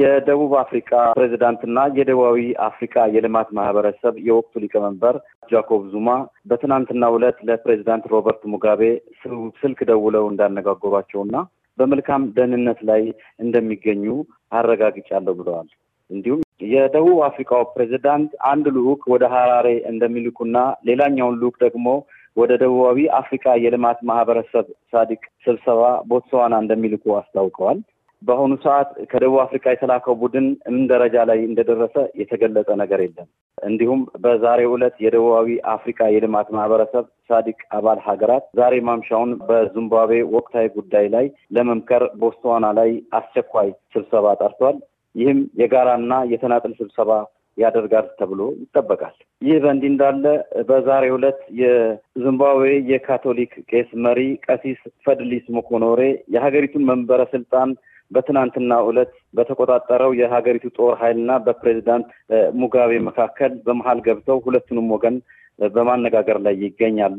የደቡብ አፍሪካ ፕሬዚዳንትና የደቡባዊ አፍሪካ የልማት ማህበረሰብ የወቅቱ ሊቀመንበር ጃኮብ ዙማ በትናንትናው ዕለት ለፕሬዚዳንት ሮበርት ሙጋቤ ስልክ ደውለው እንዳነጋገሯቸውና በመልካም ደህንነት ላይ እንደሚገኙ አረጋግጫለሁ ብለዋል። እንዲሁም የደቡብ አፍሪካው ፕሬዚዳንት አንድ ልዑክ ወደ ሀራሬ እንደሚልኩና ሌላኛውን ልዑክ ደግሞ ወደ ደቡባዊ አፍሪካ የልማት ማህበረሰብ ሳዲቅ ስብሰባ ቦትስዋና እንደሚልኩ አስታውቀዋል። በአሁኑ ሰዓት ከደቡብ አፍሪካ የተላከው ቡድን ምን ደረጃ ላይ እንደደረሰ የተገለጸ ነገር የለም። እንዲሁም በዛሬው ዕለት የደቡባዊ አፍሪካ የልማት ማህበረሰብ ሳዲቅ አባል ሀገራት ዛሬ ማምሻውን በዚምባብዌ ወቅታዊ ጉዳይ ላይ ለመምከር ቦትስዋና ላይ አስቸኳይ ስብሰባ ጠርቷል። ይህም የጋራና የተናጥል ስብሰባ ያደርጋል ተብሎ ይጠበቃል። ይህ በእንዲህ እንዳለ በዛሬው ዕለት የዚምባብዌ የካቶሊክ ቄስ መሪ ቀሲስ ፈድሊስ ሞኮኖሬ የሀገሪቱን መንበረ ስልጣን በትናንትና ዕለት በተቆጣጠረው የሀገሪቱ ጦር ኃይልና በፕሬዚዳንት ሙጋቤ መካከል በመሀል ገብተው ሁለቱንም ወገን በማነጋገር ላይ ይገኛሉ።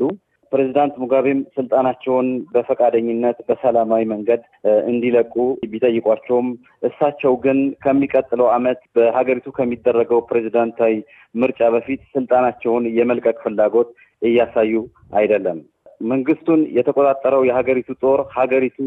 ፕሬዚዳንት ሙጋቤም ስልጣናቸውን በፈቃደኝነት በሰላማዊ መንገድ እንዲለቁ ቢጠይቋቸውም እሳቸው ግን ከሚቀጥለው ዓመት በሀገሪቱ ከሚደረገው ፕሬዚዳንታዊ ምርጫ በፊት ስልጣናቸውን የመልቀቅ ፍላጎት እያሳዩ አይደለም። መንግስቱን የተቆጣጠረው የሀገሪቱ ጦር ሀገሪቱ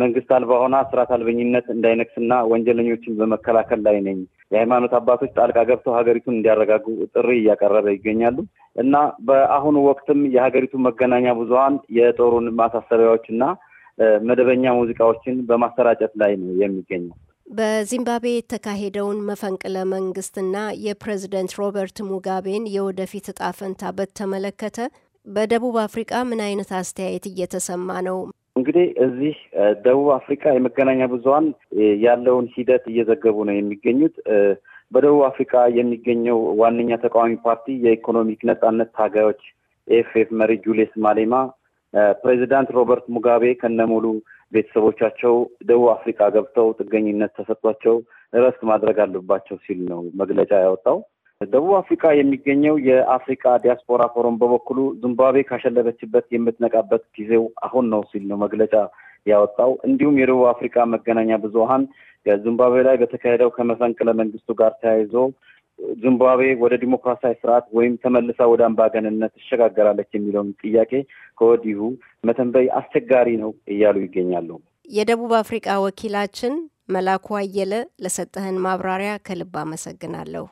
መንግስት አልባ ሆና ስርዓት አልበኝነት እንዳይነግስና ወንጀለኞችን በመከላከል ላይ ነኝ። የሃይማኖት አባቶች ጣልቃ ገብተው ሀገሪቱን እንዲያረጋጉ ጥሪ እያቀረበ ይገኛሉ እና በአሁኑ ወቅትም የሀገሪቱ መገናኛ ብዙሀን የጦሩን ማሳሰቢያዎች ና መደበኛ ሙዚቃዎችን በማሰራጨት ላይ ነው የሚገኘው። በዚምባብዌ የተካሄደውን መፈንቅለ መንግስትና የፕሬዝደንት ሮበርት ሙጋቤን የወደፊት እጣ ፈንታ በተመለከተ በደቡብ አፍሪቃ ምን አይነት አስተያየት እየተሰማ ነው? እንግዲህ እዚህ ደቡብ አፍሪካ የመገናኛ ብዙሀን ያለውን ሂደት እየዘገቡ ነው የሚገኙት። በደቡብ አፍሪካ የሚገኘው ዋነኛ ተቃዋሚ ፓርቲ የኢኮኖሚክ ነጻነት ታጋዮች ኤፍኤፍ መሪ ጁሊስ ማሌማ ፕሬዚዳንት ሮበርት ሙጋቤ ከነሙሉ ቤተሰቦቻቸው ደቡብ አፍሪካ ገብተው ጥገኝነት ተሰጥቷቸው እረፍት ማድረግ አለባቸው ሲል ነው መግለጫ ያወጣው። ደቡብ አፍሪካ የሚገኘው የአፍሪካ ዲያስፖራ ፎረም በበኩሉ ዚምባብዌ ካሸለበችበት የምትነቃበት ጊዜው አሁን ነው ሲል ነው መግለጫ ያወጣው። እንዲሁም የደቡብ አፍሪካ መገናኛ ብዙሀን ከዚምባብዌ ላይ በተካሄደው ከመፈንቅለ መንግስቱ ጋር ተያይዞ ዚምባብዌ ወደ ዲሞክራሲያዊ ስርዓት ወይም ተመልሳ ወደ አምባገንነት ትሸጋገራለች የሚለውን ጥያቄ ከወዲሁ መተንበይ አስቸጋሪ ነው እያሉ ይገኛሉ። የደቡብ አፍሪቃ ወኪላችን መላኩ አየለ፣ ለሰጠህን ማብራሪያ ከልብ አመሰግናለሁ።